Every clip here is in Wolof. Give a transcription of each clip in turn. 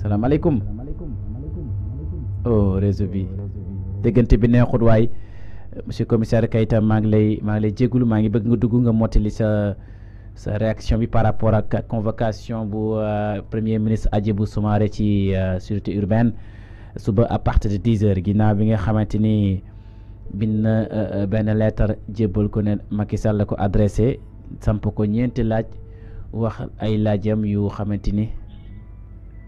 salaamaaleykum oh réseau bi déggante bi neexut waay monsieur commissaire Keita maa ngi lay maa ngi lay jégalu maa ngi bëgg nga dugg nga mottali sa sa réaction bi par rapport ak convocation bu euh, premier ministre bu Soumaré ci euh, sûreté urbaine suba à partir de dix ginaaw bi nga xamante ni bind na euh, benn leetar jébbal ko ne Macky Sall la ko adressé samp ko ñeenti laaj wax ay laajam yu xamante ni.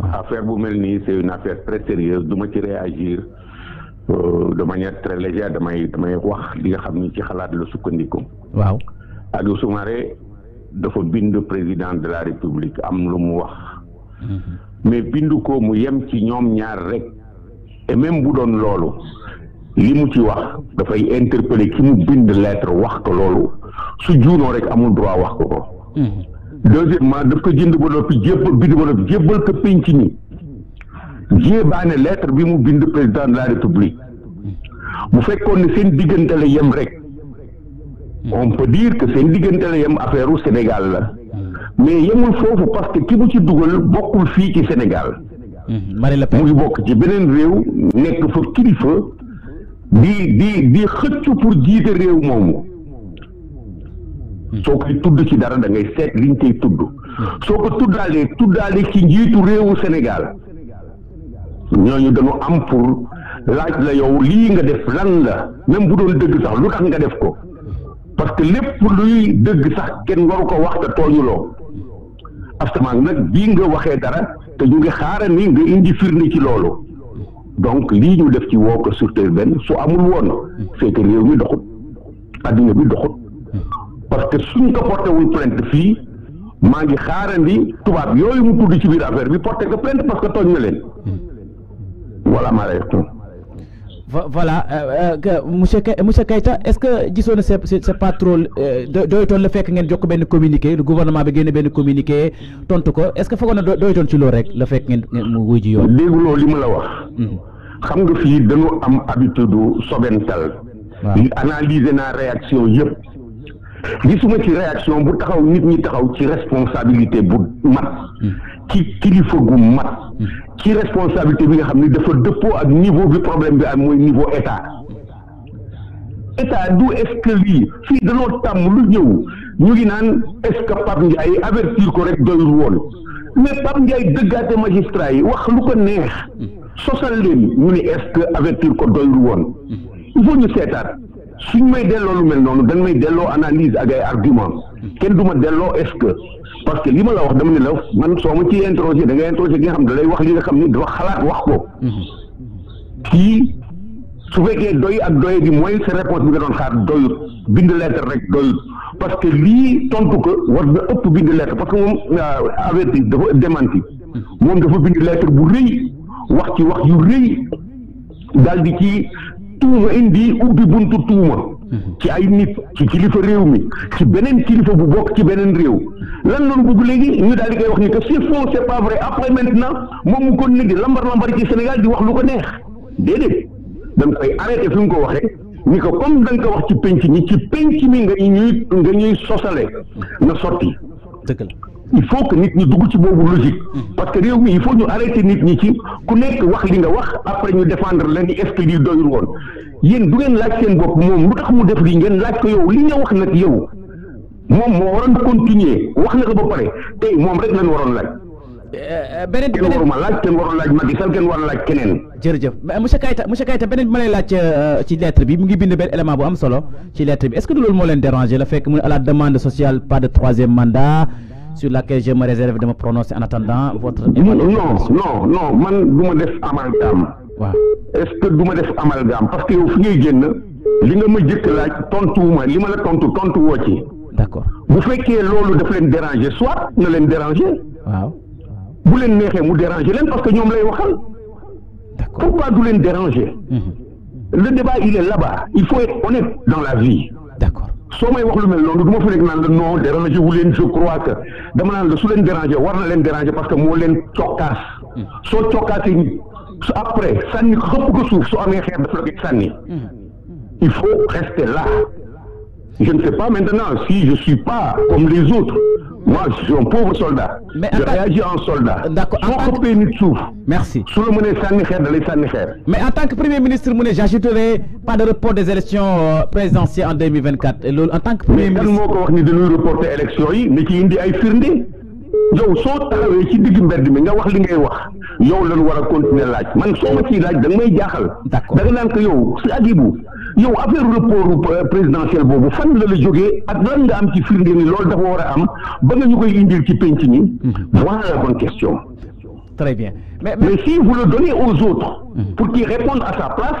affaire bu mel nii c'est une affaire très sérieuse du ma ci réagir euh, de manière très légère damay damay wax li nga xam ni ci xalaat la sukkandiku. waaw Aliou Soumaré dafa bind président de la république am lu mu wax. Mhm. mais bind ko mu yem ci ñoom ñaar rek et même bu doon loolu li mu ci wax dafay interpeller ki mu bind lettre wax ko loolu su juunoo rek amul droit wax ko ko. Mhm. deuxièmement daf ko jënd ba noppi jébbal bind ba noppi ko penc ñi jéebaane lettre bi mu bind président de la république mu fekkone sen seen diggante la yem rek on peut dire que sen diggante la yem affaire u Sénégal la mais yëmul fofu parce que ki mu ci duggal bokul fi ci Sénégal hmm, mu ngi bok ci benen rew nek fa kilifa di di di xëccu pour jiite rew momu Hmm. so koy tudd ci dara da ngay seet liñ koy tudd hmm. soo ko tuddaalee tuddaalee ci njiitu réewu Sénégal ñooñu dañu am pour laaj la yow lii nga def lan la même bu doon dëgg sax lu tax nga def ko parce que lépp luy dëgg sax kenn waru ko wax te tooñuloo asamaan nag bii nga waxee dara te ñu ngi xaara ni nga indi firni ci loolu donc lii ñu def ci woo ko sur terre benn su amul woon c'est que réew mi doxut àddina bi doxut parce que suñ ko porté wul plainte fii maa ngi xaarandi tubaab yooyu mu tudd ci biir affaire bi porté ko plainte parce que tooñ na leen voilà maa lay voilà euh, euh, monsieur Kay monsieur Keita est-ce que gisoon na c'est c'est pas trop doytoon la fekk ngeen jokk benn communiqué le gouvernement bi génne benn communiqué tontu ko est-ce que foogoon na doytoon ci loolu rek la fekk ngeen mu wuy ji yoon. dégguloo li ma la wax. Hmm. xam nga fii dañu am habitude sobental. waaw analyser naa réaction yëpp. gisuma ci réaction bu taxaw nit ñi taxaw ci responsabilité bu mat ki kilifa gu mat ci responsabilité bi nga xam ni dafa dëppoo ak niveau bi problème bi am mooy niveau état état du est-ce que lii fii lu ñëw ñu ngi naan est-ce que avertir ko rek doyul woon mais Pape Ndiaye dëggaate magistrat yi wax lu ko neex sosal leen mu ni est avertir ko doyul woon il ñu seetaat suñ may delloo lu mel noonu dañ may delloo analyse ak ay argument kenn du delloo est-ce parce que li ma la wax dama ne la man soo ma ci interroger da nga interroger ki nga xam da wax li nga xam ni dafa xalaat wax ko kii su fekkee doy ak doye bi mooy sa réponse bi nga doon xaar doyut bind lettre rek doyut parce que lii tontu ko war na ëpp bind lettre parce que moom euh, averti dafa démenti moom dafa bind lettre bu rëy wax ci wax yu rëy daal di ci tuuma indi ubbi buntu tuuma mhm. ci ay nit ci kilifa réew mi ci beneen kilifa bu bokk ci beneen réew lan loolu bëgg léegi ñu daal di koy wax ni que c'est faux c'est pas vrai moom mu kon léegi lambar lambar ci Sénégal di wax lu ko neex déedéet dañ koy arrêté fi nga ko waxee ni ko comme da ko wax ci penc mi ci penc mi nga ñuy nga ñuy sosale na sotti dëgg la il faut que nit ñi dugg ci boobu logique mm-hmm. parce que réew mi il faut ñu arrêter nit ñi ci ku nekk wax li nga wax après ñu défendre la ni est ce que lii doyul woon yeen du ngeen laaj seen bop mom lutax mu def li ngeen laaj ko yow li nga wax nak yow mom mo waroon continuer wax na ko ba paré tay mom rek lañ waroon laaj. Eh, eh, benen benen waruma laaj kenn waroon laaj Macky Sall ken war a laaj keneen. jërëjëf monsieur Kayta monsieur Kayta benen ma lay laaj euh, ci lettre bi mu ngi bind benn element bu am solo ci lettre bi est ce que lool mo len déranger la fekk mu ne à la demande sociale pas de troisième mandat sur laquelle je me réserve de me prononcer en attendant votre. non non non man def amalgame. est-ce que vous me def amalgame parce que vous finissez ngay génn li nga ma jëkk laaj tontuwuma li ma la tontu tontu woo d'accord Vous que que daf vous déranger soit na les déranger. Wow. Vous les neexee vous déranger leen parce que ñoom lay waxal. d'accord pourquoi vous les dérangez mhm. le débat il est là-bas il faut être honnête dans la vie. d'accord soo may wax lu mel noonu du ma fa nekk naan la non dérangé wu leen je crois que dama naan la su leen dérangé war na leen dérangé parce que moo leen cokkaas soo cokkaasee nit su après sànni xëpp ko suuf su amee xeer daf la koy sànni il faut rester là je ne sais pas maintenant si je suis pas comme les autres moi, je suis un pauvre soldat. je réagis en soldat. D'accord. merci. Mais en tant que premier ministre, n'ajouterai pas de report des élections euh, présidentielles en 2024. En tant que premier ministre. Mais reporter l'élection, mais qui yow lañu wara continuer laaj man soo ci ciy laaj da may jaxal d'accord da nga ko yow ci Adibou yow affaire report présidentiel bobu fan la la jógee ak lan nga am ci firnde ni lol dafa wara am ba nga ñu indil ci penc ni mhm. voilà la bonne question. très bien mais mais si vous le donnez aux autres. Mhm. pour qu'ils répondent à sa place.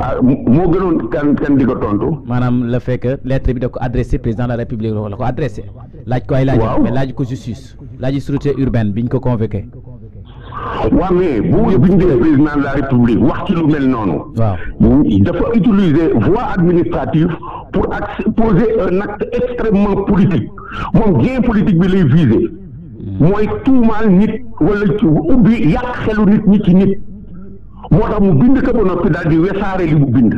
Ah, madame le fait kan kan di ko la président de la république la ko adressé. ko ay mais ko justice. laaj urbaine biñ mais président de la république wax ci lu mel dafa utiliser voie administrative pour un acte extrêmement politique gain politique moo tax mu bind ko ba noppi daal di wesaare li mu bind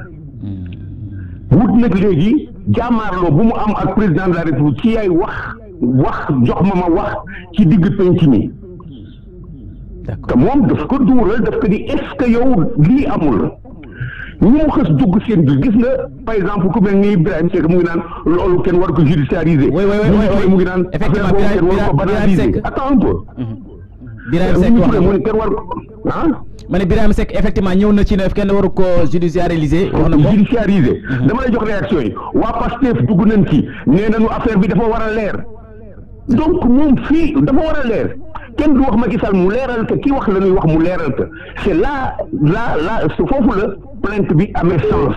wut nag léegi jàmmaarloo bu mu am ak président de la république ci ay wax wax jox ma ma wax ci digg penc mi te moom daf ko duural daf ko di est yow lii amul ñu mu xës dugg seen bi gis nga par exemple ku mel ni Ibrahima mu ngi naan loolu kenn war ko judiciariser. oui oui mu ngi naan affaire boobu kenn war ko banaliser. attends un peu. Birahim Seck wax kenn ah. ma ne Birahim Seck effectivement ñëw na ci neef kenn waru ko judiciariser wax na ko judiciariser dama lay jox réaction yi waa Pastef dugg nañ ci nee nañu affaire bi dafa war a leer donc moom fii dafa war a leer kenn du wax Macky Sall mu leeral ka ki wax la ñuy wax mu leeral ka c'est là la là foofu la plainte bi amee sens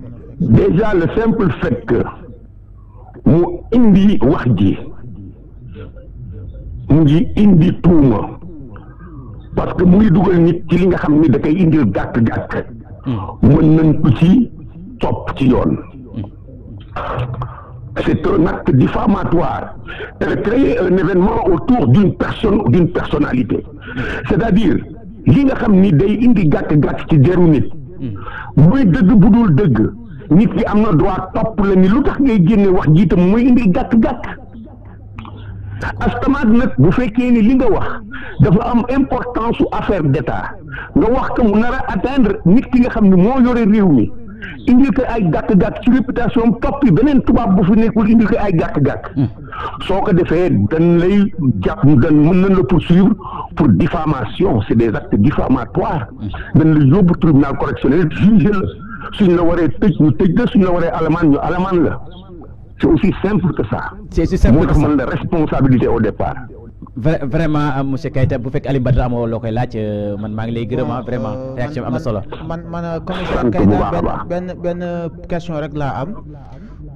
déjà le simple fait que mu indi wax indi mu indi tuuma parce que mu ngi dugal nit ci li nga xamni ni da kay indi gàkk-gàkk mën nañ ko ci top ci yoon c'est un acte diffamatoire elle crée un événement autour d'une personne ou d'une personnalité c'est-à-dire li nga xamni ni day indi gàkk-gàkk ci deru nit muy deug budul deug nit ki am na droit topp la ni lu tax ngay génne wax jiitam mooy indi gàkk-gàkk astamaat nag bu fekkee ni li nga wax dafa am importance su affaire d' état nga wax ko mu nar a atteindre nit ki nga xam ne moo yore réew mi indil ko ay gàkk-gàkk ci réputation toppi beneen tubaab bu fi nekkul indil ko ay gàkk-gàkk hmm. soo ko defee lay jàpp dan mën nañ la poursuivre pour diffamation c' des actes diffamatoires hmm. dañ lay yóbbu tribunal correctionnel jugé la sunna waree tëj ñu tëj la sunna waree alamaan ñu alamaan la c' est aussi simple que ça. c' est aussi simple que ça moo tax responsabilité au départ. vraiment ah, monsieur Kayta bu fekk Aliou Badara amoo loo koy laaj man maa ngi lay gërëm ah vraiment réaction am na solo. man man commissaire Kayta benn benn question rek laa am.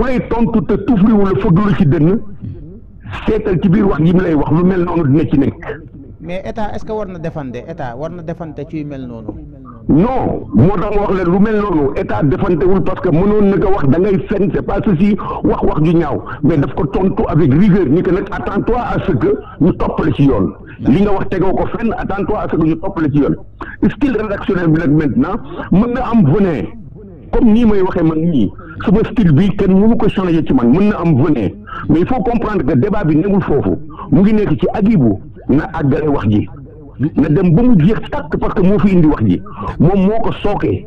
waye tontu te tufliwul fëggalu ci dënn seetal ci biir wax yi mu lay wax lu mel nonu dina ci nek mais état est-ce que warna na état warna na ci mel nonu non mo tax wax le lu mel nonu état wul parce que mënon na wax da ngay fen c'est pas ceci wax wax ju ñaaw mais daf ko tontu avec rigueur ni que nag attends-toi à ce que ñu toppale ci yoon. li nga wax tegoo ko fenn attends-toi à ce que ñu toppale ci yoon. style rédactionnel bi nak maintenant mën na am venin. comme nii may waxee man nii sama style bi kenn mënu ko changé ci man mën na am venez mais il faut comprendre que débat bi newul foofu mu ngi nekk ci Aguibou na àggale wax ji na dem ba mu jeex tàkk parce que moo fi indi wax ji moom moo ko sookee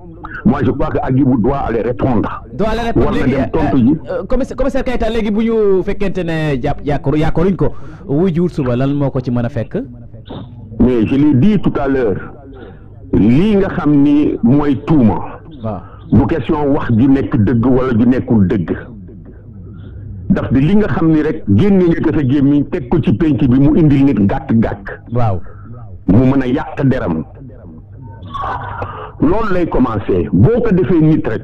moi je crois que Agibou doit al répondre. doit aller répondre léegi war na dem eh, tontu ji. Euh, commissaire commissaire Keita léegi bu ñu fekkente ne jàpp yàqu yàquluñ ko wuyu suba lan moo ko ci mën a fekk. mais je l'ai dit tout à l'heure lii nga xam ni mooy tuuma. waaw bu question wax ju nekk dëgg wala ju nekkul dëgg. daf di li nga xam ni rek génne nga ko sa gémmiñ teg ko ci penc bi mu indi nit gàkk gàkk. waaw mu mën a yàq deram. loolu lay commencé boo ko defee nit rek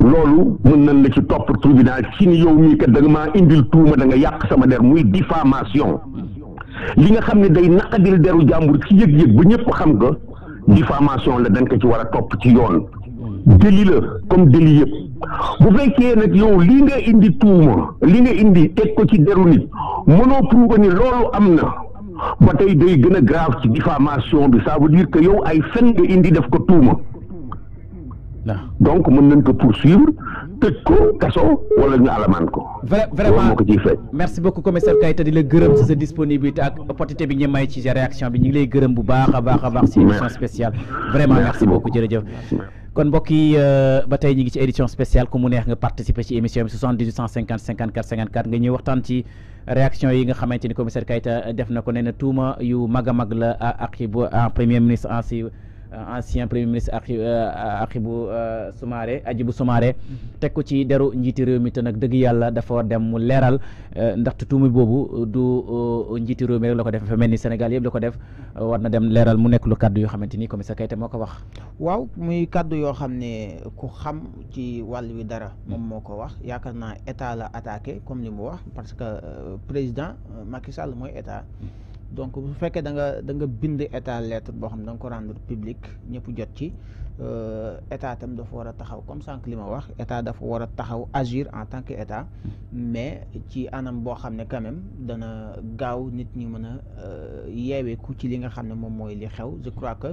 loolu mën nañ la ci topp tribunal ci ni yow mii kat da nga maa indil tuuma da nga yàq sama der muy diffamation li nga xam ne day naqadil deru jàmbur ci yëg-yëg bu ñëpp xam nga diffamation la da ko ci war a topp ci yoon délit la comme délit yëpp bu fekkee nag yow li nga indi tuuma li nga indi teg ko ci deru nit mënoo prouver ni loolu am na ba tey day gëna grave ci diffamation bi ça veut dire que yow ay fen nga indi def ko tuuma donc mën nañ ko poursuivre tëj ko kaso wala ñu alaman ko. vraiment moo ko ciy merci beaucoup commissaire kayta di la gërëm ci sa disponibilité ak opportunité bi ñi may ci réaction bi ñi lay gërëm bu baaxa baaxa baax ci baax. si émission spéciale. vraiment merci beaucoup jërëjëf. kon mbokk yi euh, ba tey ñu ngi ci édition spéciale ku mu neex nga participer ci émission bi 78 150 54 54 nga ñëw waxtaan ci réaction yi nga xamante ni commissaire Kayta def na ko nee na tuuma yu mag a mag la ak bu premier ministre ainsi Euh, ancien premier ministre ak Hadjibou euh, euh, Soumaré Hadjibou Soumaré teg ko ci deru njiiti réew mi te nag dëgg yàlla dafa war dem mu leeral ndaxte tuumi boobu du njiiti réew mi rek la ko def dafa mel ni Sénégal yëpp la ko def war na dem leeral mu nekk lu kàddu yoo xamante ni commissaire Kayte moo ko wax. waaw muy kàddu yoo xam ne ku xam ci wàll wi dara moom moo ko wax yaakaar naa état la attaque comme li mu wax parce que président Macky Sall mooy état. donc bu fekkee danga da nga bind état lettre boo xam ne da ko rendre publique ñëpp jot ci euh, état tam dafa war a taxaw comme sànq li ma wax état dafa war a taxaw agir en tant que état mais ci anam boo xam ne quand même dana gaaw nit ñi mën a euh, yeeweeku ci li nga xam ne moom mooy li xew je crois que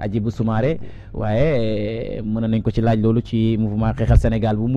Hadjibou Soumaré waaye mën nañ ko ci laaj loolu ci mouvement xeexal Sénégal bu